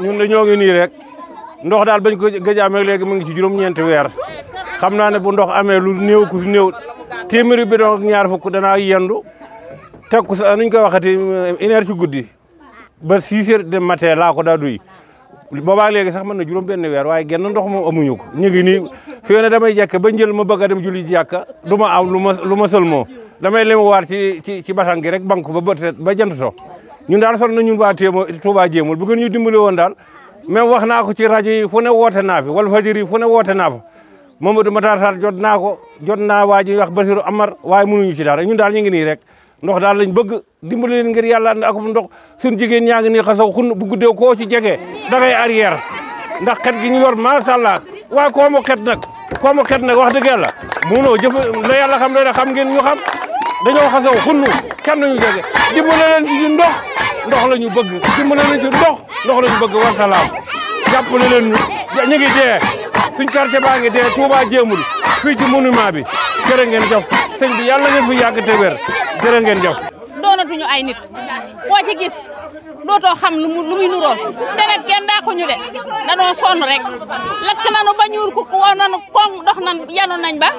ñun dañoo ngi nii rek ndox daal bañ ko gëj amee léegi mu ngi ci juróom-ñeenti weer xam naa ne bu ndox amee lu néew ku néew téeméeri bidon ak ñaar fukk danaa yendu teg ko sa nuñ koy waxati une ci guddi ba six heures de matin laa ko daa duy boobaa léegi sax mën na juróom benn weer waaye genn ndox moom amuñu ko ñu ngi nii fi ne damay jekk ba njël ma bëgg a dem julli jàkka du ma am lu ma lu ma sëlmoo damay lemu waar ci ci ci basan gi rek banque ba ba jant so ñun daal sonn na ñun waa Touba Jéemul bu gën ñu dimbali daal même wax naa ko rajo yi fu ne woote naa fi wala fajiri yi fu ne woote naa fa Mamadou Matar Sarr jot naa ko jot naa waa ji wax Basiru Amar waaye mënuñu ci dara ñun daal ñu ngi nii rek ndox daal lañ bëgg dimbali leen ngir yàlla ak ndox suñ jigéen ñaa ngi nii xasaw xun bu guddee koo ci jege da ngay ndax xet gi ñu yor macha allah waaye koo mu xet nag koo mu xet nag wax dëgg yàlla munoo jëf la yalla xam doy ne xam ngeen ñu xam dañoo xasaw xunn kenn nañu jege dimbali leen ci ndox la ñu bëgg dimbale nañ ci ndox ndox la ñu bëgg wasalaam jàppale leen ñu ñu ngi dee suñ quartier baa ngi dee Touba jéemul fii ci monument bi jërë ngeen jëf sëñ bi yàlla ngeen fi yàgg te wér jërë ngeen jëf doonatuñu ay nit koo gis dootoo xam lu mu lu muy nuroo te nag kenn daaxuñu de danoo sonn rek lakk nanu ba ñuur ku woo nanu koŋ dox nan yanu nañ ba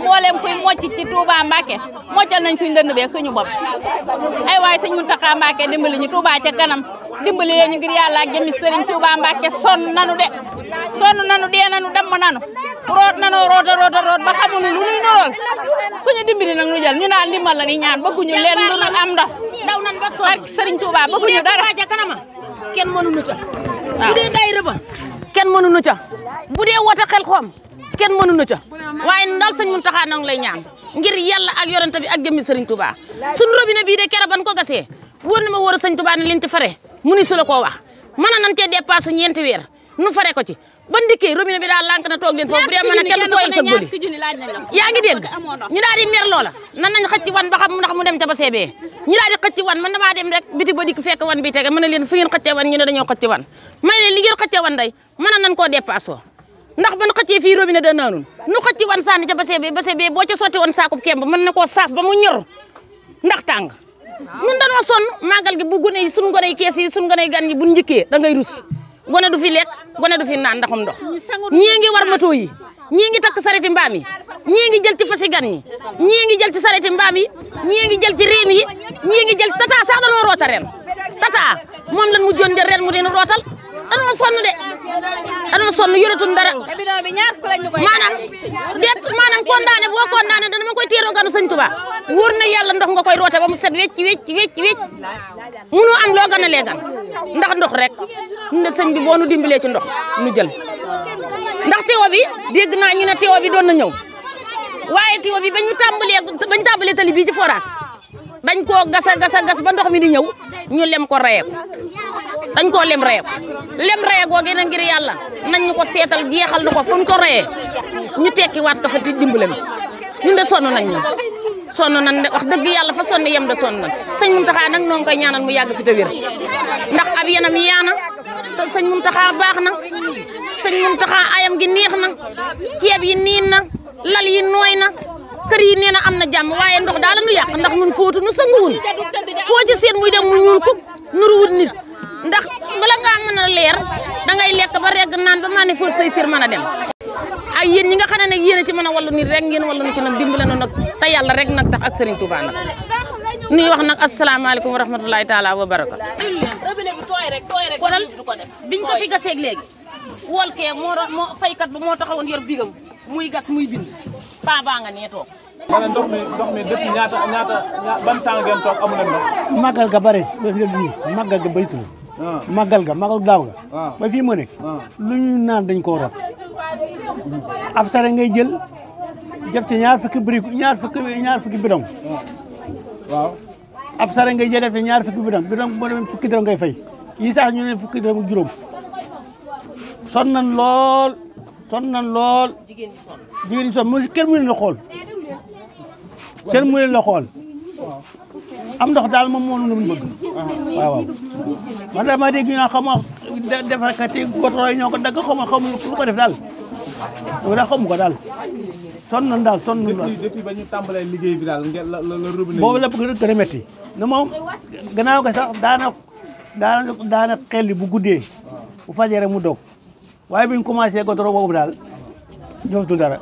mbooleem kuy mocc ci Touba Mbacke moccal nañ suñ dënd beeg suñu bopp ay waay sëñ Mountakha Mbacke dimbali ñu Touba ca kanam dimbali yee ñu ngir yàlla ak jëmi sëriñ Touba Mbacke sonn nanu de sonn nanu dee nanu damm nanu root nanu roota roota root ba xamuñu lu nuy nurool ku ñu dimbali nag ñu jël ñu naan la ni ñaan bëgguñu daw nan ba sonn barke Serigne Touba bëgguñu dara bu dee Touba ca kanama kenn mënuñu ca. waaw bu dee daayira ba kenn mënuñu ca bu dee wote xel xoom kenn mënuñu ca waaye ndal sëñ Mountakha noo ngi lay ñaan ngir yàlla ak yorante bi ak jëmmi Serigne Touba sun robinet bii de keroog ban ko gasee wóor na ma wóor a sëñ Touba ne liñ ci fare mu ni su la koo wax mën nañ cee dépassé ñeenti weer nu fare ko ci. ba ndikkee robinet bi daal lànk na toog leen foofu bu dee mën a kenn tooyal sa guddi yaa ngi dégg ñu daal di mer loola nan nañ xëcc wan ba xam ndax mu dem te ba seebee ñu daal di xëcc wan man damaa dem rek biti ba dikk fekk wan bi tege mën na leen fu ngeen xëccee wan ñu ne dañoo xëcc wan may leen li ngeen xëccee wan day mën a nan koo dépassé ndax ban xëccee fii robinet da naanun nu xëcc wan sànni ca ba seebee ba seebee boo ca sotti woon saakub kemb mën na koo saaf ba mu ñor ndax tàng ñun dañoo sonn màggal gi bu gone yi suñ gone yi kees yi suñ gone yi gan yi bu njëkkee da ngay rus gone du fi lekk gone du fi naan ndaxum ndox ñii ngi war moto yi ñii ngi takk sareti mbaam yi ñii ngi jël ci fasi gan ñi ñii ngi jël ci sareti mbaam yi ñii ngi jël ci riim yi ñii ngi jël tata sax danoo roota ren tata moom lan mu jón jël ren mu dina rootal danoo sonn de dañoo sonn yoratul dara maanaam déet maanaam condamné boo condamné dana ma koy teeroo ganu sëñ Tuubaa wóor na yàlla ndox nga koy roote ba mu set wecc wecc wecc wecc munoo am loo gën a leegan ndax ndox rek na sëñ bi boo nu dimbalee ci ndox nu jël ndax teewo bi dégg naa ñu ne teewo bi doon na ñëw waaye teewo bi ba ñu tàmbalee ba ñu tàmbalee tali bii ci forage dañ koo gas a gas ba ndox mi di ñëw ñu lem ko reye ko dañ koo lem reye ko lem reye googu na ngir yàlla nañ ñu ko seetal jeexal nu ko fu ko reyee ñu tekkiwaat ko fa di dimbale ma ñun de sonn nañ ñun sonn nañ wax dëgg yàlla fa sonn yem de sonn na sëñ Muntaxa nag noo ngi koy ñaanal mu yàgg fi te wér ndax ab yenam yaana te sëñ Muntaxa baax na sëñ Muntaxa ayam gi neex na ceeb yi niin na lal yi nooy na kër yi nee na am na jàmm waaye ndox daal la nu yàq ndax nun fóotu nu sanguwul koo ci seet muy dem mu ñuul kuk nuruwut nit ndax bala ngaa mën a leer dangay lekk ba regg naan ba maa ne fóot say sir mën a dem ay yéen ñi nga xam ne nag yéen a ci mën a wallu nit rek ngeen wallu na ci nag dimbale na nag te yàlla rek nag tax ak Serigne Touba nag nuy wax nag asalaamaaleykum wa rahmatulahi taala wa barakatu waral biñ ko fi gaseeg léegi wol kee moo faykat taxawoon yor bigam muy paa baa nga nee toog. ma ne ndox mi ndox mi depuis ñaata ñaata ban temps ngeen toog amu leen ndox. màggal ga bare màggal ga baytu la. Ah. màggal ga màggal daaw ga. Ah. ba fii mu nekk. Ah. lu ñuy naan dañ koo rot. ab sare ngay jël def ci ñaar fukki brique ñaar fukki ñaar fukki bidon. waaw. ab sare ngay jël def ci ñaar fukki bidon bidon boo demee fukki dërëm ngay fay yi sax ñu ne fukki dërëm juróom. son nañ lool. sonn nañ lool. jigéen ñi sonn jigéen ñi sonn mu kenn mu la xool. kenn mu am ndox daal moom moo lu bëgg. waaw waaw man daal maa dégg ñu naan xaw ma defarkati goto yi ñoo ko dagg xaw ma xaw ma ko def daal. loolu daal xamu ko daal. sonn nañ daal sonn nañ daal depuis ba liggéey bi daal la robinet boobu la bëgg gën a métti. ne ga sax daana daana daana xel bu guddee. bu fajee mu dog waaye bi ñu commencé goudron boobu daal jotul dara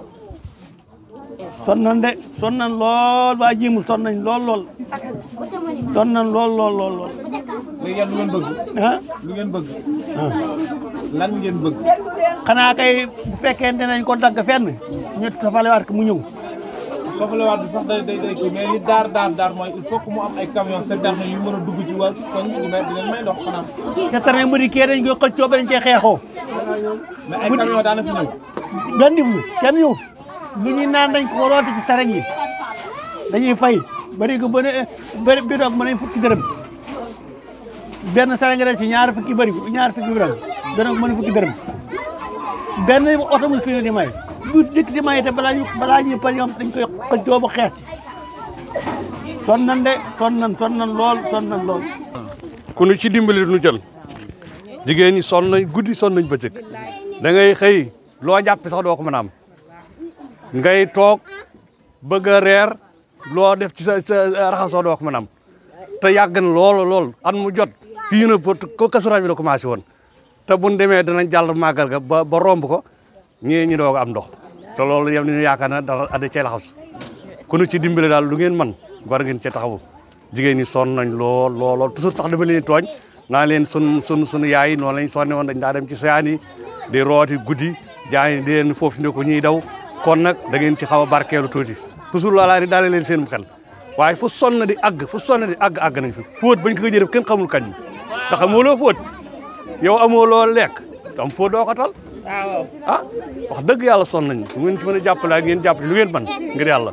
son nan de son nan lool waa jiimu son nañ lool lool son nan lool lool lool lool. léegi yéen bëgg. ah lu ngeen bëgg. lan ngeen bëgg. xanaa kay bu fekkee ne nañ ko dagg fenn ñu tafalewaat ko mu ñëw. soxlawaat bi sax day day day daar daar daar mooy il faut que mu am ay camion citerne yu mën a dugg ci wàllu koñ bi dinañ xanaa. citerne bu di kee dañ koy xëccoo ba dañ cee xeexoo. bu benn bu kenn ñëw lu ñuy naan dañ ko roote ci sareñ yi dañuy fay bari ko ba ne bari bi doog mën nañ fukki dërëm ci ñaar fukki bari ñaar fukki dërëm dana mën fukki dërëm benn oto mu fi di may dikk di may te balaa ñu balaa ñuy par ñoom dañ koy xëccoo ba xeex son nan de son lool son nan lool ku nu ci dimbali nu jël jigéen ñi sonn nañ guddi sonn nañ bëccëg da ngay xëy loo jàpp sax doo ko mën a am ngay toog bëgg a reer loo def ci sa sa raxasoo doo ko mën am te yàgg na lool lool at mu jot fii na ko kasuraaj bi la commencé woon te bun demee danañ jàll màggal ga ba ba romb ko ñee ñu doog am ndox te loolu yow ñu yaakaar na dara ada cee laxas ku nu ci dimbale daal lu ngeen man war ngeen cee taxawu jigéen ñi sonn nañ lool lool lool sax dama leen tooñ naa leen sun sun sunu yaay noonu lañ sonne woon dañ daa dem ci saan yi di rooti guddi jaay di leen foofu ne ko ñuy daw kon nag da ngeen ci xaw a barkeelu tuuti toujours loolaa daal daale leen seen xel waaye fu sonn di àgg fu sonn di àgg àgg nañ fi fóot bañ ko gëjee def kenn xamul kañ ndax amoo loo fóot yow amoo loo lekk tam fóot doo ko tal ah, wax dëgg yàlla soon nañ lu ngeen ci mën a jàppale ak ngeen jàppale lu ngeen man ngir yàlla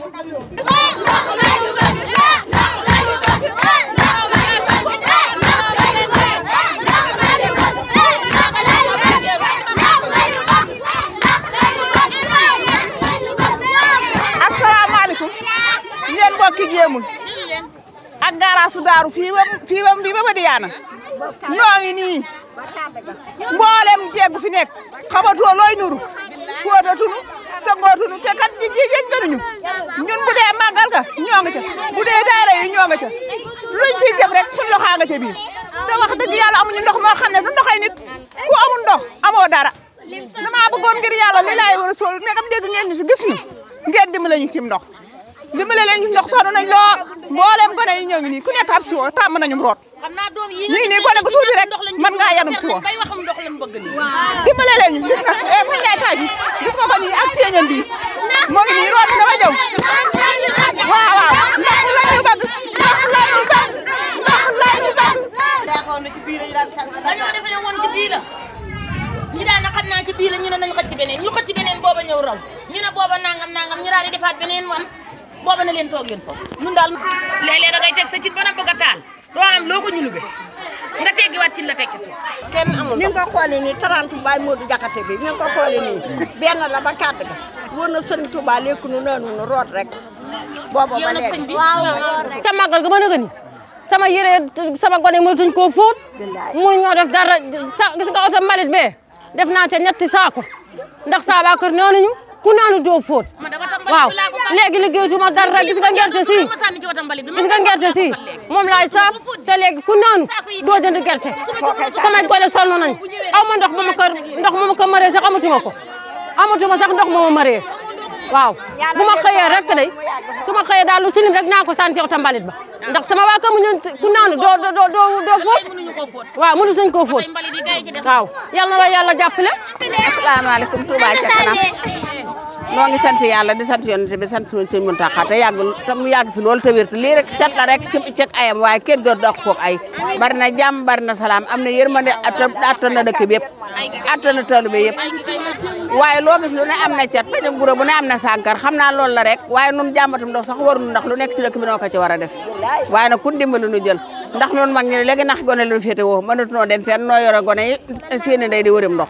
Ndakaaru fii ba fii ba fii ba Madiyana noo ngi nii mboolem jeeg fi nekk xamatoo looy nuru fóotatunu sangootunu te kat ji jigéen gënuñu ñun bu dee màggal ga ñoo nga ca bu dee daara yi ñoo nga ca luñ ciy jëf rek suñ loxaa nga ca biir te wax dëgg yàlla amuñu ndox moo xam ne du ndoxay nit ku amul ndox amoo dara damaa bëggoon ngir yàlla li laay war a sool ne kam dégg ngeen ñu gis ñu ngeen dimbale ñu cim ndox dimbale leen ñu ndox soxla nañ lool gone yi ñoo ngi nii ku nekk ab siwo tàmm nañu root ñu ngi gone gu tuuti rek mën ngaa yanum siwo dimbale leen ñu gis nga e eh, fa ngay taaj gis nga ko nii ak téeñam bi moo ngi nii root la ñu bëgg ndox la ñu bëgg na ci bii lañu daan tàng dañoo defe na xam naa ci bii la ñu ne nañ xëcc beneen ñu xëcc beneen booba na leen toog leen foofu ñun daal léeg-léeg da ngay teg sa cin ba na a taal doo am loo ko ñulube nga la teg ci suuf kenn amul ni nga ko xoolee nii 30 Baye Modou Diakhaté bi ni nga ko xoolee nii mm. benn la ba kàdd ga wóor na sëñ Touba lekk nu naan nu root rek booba ba léegi waaw root rek ca màggal ga mën a gëni sama yére sama gone mënatuñ koo fóot mun ñoo def dara gis nga oto mbalit bee def naa ca ñetti saako ndax saa waa kër noonuñu ku naanu doo fóot waaw léegi liggéeyatuma dara gis nga gerte si gis nga gerte si moom laay saaf te léegi ku naanu doo jënd gerte samay gone sonn nañ aw ma ndox ma ma ko ndox ma ma ko maree sax amatuma ko amatuma sax ndox ma ma maree waaw bu ma xëyee rek day su ma xëyee daal lu tilim rek naa ko sànni yow ta mbalit ba ndax sama waa kër mu ñun ku naanu doo doo doo doo fóot waaw mënutuñ koo fóot waaw yal na la yàlla jàppale asalaamaaleykum Touba ca kanam noo ngi sant yàlla di sant yonent bi sant sëñ Muntaxa te yàgg te mu yàgg fi loolu te wér te lii rek cat la rek ci ceg ayam waaye kenn doon dox koog ay bari na jàmm bari na salaam am na yërmande attan na dëkk bi yëpp na tool bi yëpp waaye loo gis lu ne am na cat pajam gura bu ne am na sànkar xam naa loolu la rek waaye nun jàmbatum ndox sax warunu ndax lu nekk ci dëkk bi ko ci war a def waaye nag ku dimbali nu jël ndax nun mag ñi léegi nax gone lu féete woo mënatunoo noo yore gone yi seeni ndey di wërim ndox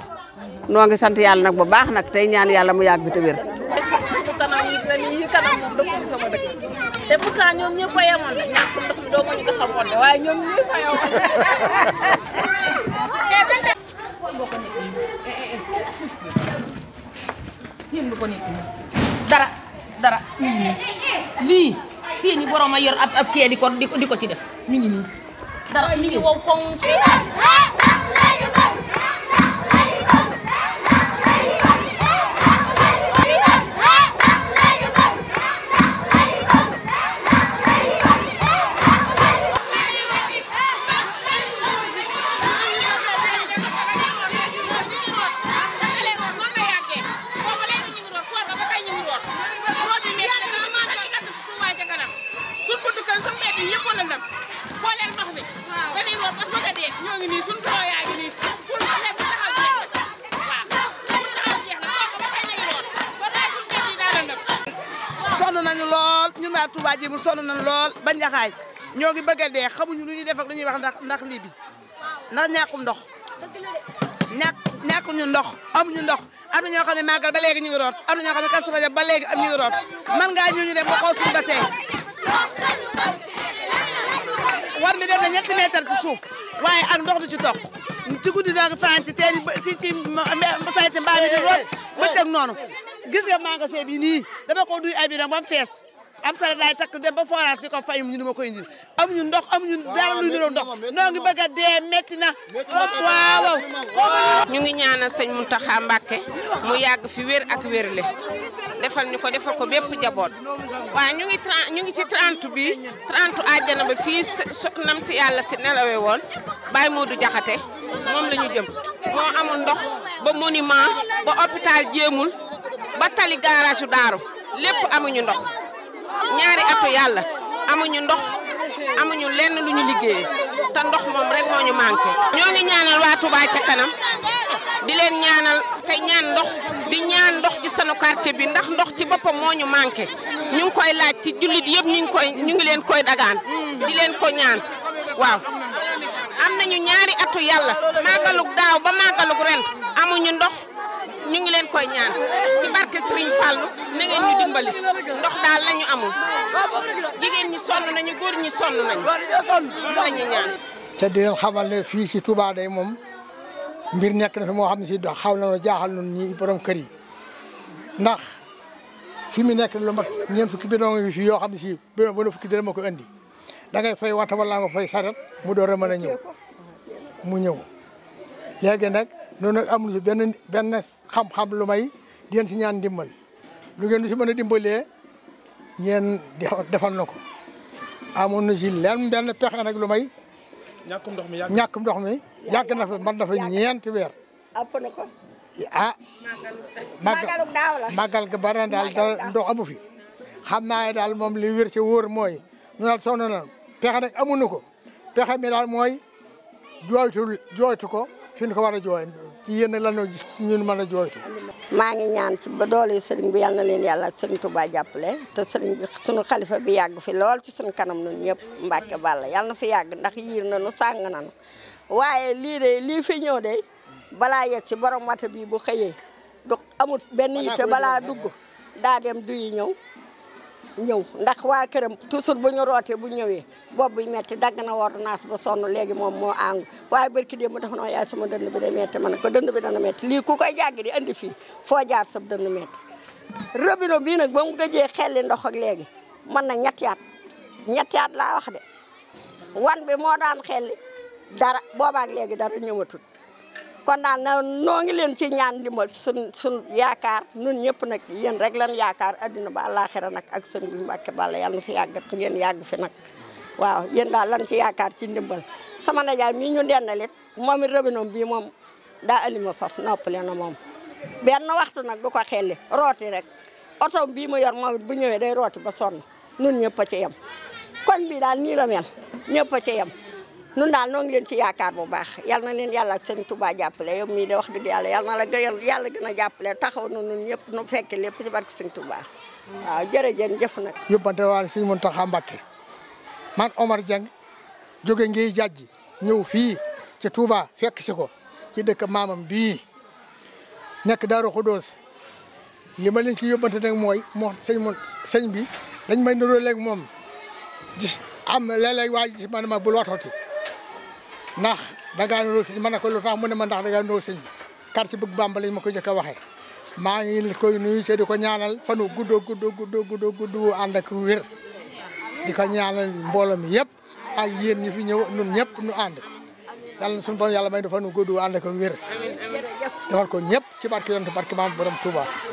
noo ngi sant yàlla nag bu baax nag tey ñaan yàlla mu yàgg fi te kanam moom dëkk bi sama dëkk te pourtant ñoom ñëpp a yemoon rek ndax ndox mi doo ko ñu ko eh, dara lii séen yi borom a yor ab ab kee di ko di ko ci def mi ngi nii dara mi wow koŋ. buntu kër suñu mbedd yi yëpp la ndam booleel ndox bi dañuy root ba bëgg a dee ñoo ngi nii suñu too yaa ngi nii suñu xale bu taxaw jeex na waaw bu taxaw jeex na toog ba fay ñu ngi root ba bàyyi suñu mbedd yi daal la ndam sonn nañu lool ñun waa Touba ji bu sonn nañu lool ba njaxaay ñoo ngi bëgg a dee xamuñu lu ñuy def ak lu ñuy wax ndax ndax lii bi ndax ñàkkum ndox ñàkk ñàkkum ñu ndox amuñu ndox am na ñoo xam ne màggal ba léegi ñu ngi root am na ñoo xam ne Kazu Rajab ba léegi am ñu ngi root man ngaa ñu ñu dem ba xool suñu basee feesal suuf waaye ak ndox du ci toq ci guddi da nga fanaan ci teen ci ci mbaam yi di root bëccëg noonu gis nga magasin bi nii dama ko duy abi nag fees am sara daay takk dem ba forage di ko fayum ñu ndox am ñu lu niroo ndox noo ngi bëgg a dee métti na waaw waaw ñu ngi ñaanal sëñ Mountakha Mbacké mu yàgg fi wér ak wérle defal ñu ko defal ko bépp jaboot waaw ñu ngi ñu ngi ci 30 bi 30 àjjana ba si yàlla si nelawe woon baay Baye du Jaxate moom la ñu jëm moo amul ndox ba monument ba hôpital jéemul ba tali garage daaru lépp amuñu ndox ñaari atu yàlla amuñu ndox amuñu lenn lu ñu liggéeyee te ndox moom rek moo ñu manqué. ñoo ngi ñaanal waatu Touba ca kanam di leen ñaanal te ñaan ndox bi ñaan ndox ci sanu quartier bi ndax ndox ci boppam moo ñu manqué ñu koy laaj ci jullit yëpp ñu koy ñu ngi leen koy dagaan di leen ko ñaan waaw. am nañu ñaari atu yàlla màggalug daaw ba màggalug ren amuñu ndox ñu ngi leen koy ñaan. barke Serigne Fallou na ngeen ñu dimbali ndox daal lañu amul jigéen ñi sonn nañu góor ñi sonn nañu ca di leen xamal ne fii si Touba day moom mbir nekk na fi moo xam ne si dox xaw nañoo jaaxal ñun ñi borom kër yi ndax fi mu nekk lu mat ñeent fukki bidon yi fi yoo xam ne si bidon bu ne fukki dërëm ma ko indi da ngay wata wala nga fay saret mu door a mën a ñëw mu ñëw léegi nag noonu nag amul benn benn xam-xam lu may di si ñaan ndimbal lu ngeen nu si mën a dimbalee ngeen defal na ko amoon na si lenn benn pexe nag lu may. ñàkkum ndox mi ñàkkum ndox mi yàgg na fa man dafa ñeenti weer. ëpp na ko. ah. ga bari daal dara amu fi. xam naa daal moom li wér ci wóor mooy ñu daal sonn na pexe nag amuñu ko pexe mi daal mooy jooytu jooytu ko fi ko war a jooy yéen lan ñun mën a jooytu. maa ngi ñaan ci ba doole sëriñ bi yal na leen yàlla ak sëriñ Touba jàppale te sëriñ bi sunu xalifa bi yàgg fi lool ci sunu kanam nun ñëpp Mbacke Balla yal na fi yàgg ndax yiir na nu sàng na nu waaye lii de li fi ñëw de balaa yegg ci borom wata bii bu xëyee du amut benn yitte balaa dugg daa dem duyi ñëw. ñëw ndax waa këram toujours bu ñu rootee bu ñëwee bopp bi metti dagg na ordonnance ba sonn léegi moom moo àngu waaye barki démb mu dafa noo yaay sama dënd bi day metti ma ne ko dënd bi dana lii ku koy jàggi di andi fii foo jaar sa dënd metti robinet bii nag ba mu gëjee xelli ndox ak léegi mën na ñetti at ñetti at laa wax de wan bi moo daan xelli dara boobaak léegi dara ñëwatul kon daal na noo ngi leen ci ñaan ndimbal sun sun yaakaar nun ñëpp nag yéen rek lan yaakaar addina ba àllaaxira nag ak seen bu Mbàkke Balla yàlla na fi yàggat ngeen yàgg fi nag waaw yéen daal lan ci yaakaar ci ndimbal sama najaay mii ñu dendalit moom it robinom bii moom daa alima nopp noppale na moom benn waxtu nag du ko xelli rooti rek oto bii mu yor moom bu ñëwee day rooti ba sonn nun ñëpp ce ci yem koñ bi daal nii mel ñëpp a ci yem nun daal noo ngi leen ci yaakaar bu baax yal na leen yàlla ak sëñ Touba jàppale yow wax dëgg yàlla yal la gëyal yàlla gën a jàppale taxaw na nun ñëpp nu fekk lépp ci barke sëñ Touba waaw jërëjëf jëf nag yóbbante waale sëñ Mountakha Mbacké man Omar Dieng jóge ngiy jajji ñëw fii ci Touba fekk si ko ci dëkk maamam bii nekk Daaru Xudoos li ma leen ci yóbbante nag mooy moo sëñ mon sëñ bi dañ may niróo léegi moom gis am léeg-léeg waa gis man ma bul waxtooti ndax dangaa nuroo sëñ ma ne ko lu tax mu ne ma ndax dangaa nuroo sëñ bi quartier bëgg Bàmba lañ ma ko njëkk a waxee maa ngi koy nuyu te di ko ñaanal fanu gudd gudd gudd gudd gudd ànd ak wér di ko ñaanal mbooloo mi yëpp ak yéen ñi fi ñëw nun ñëpp nu ànd ko suñu borom yàlla may dafa nu gudd ànd ak wér defal ko ñëpp ci barke yonent barke maam borom Touba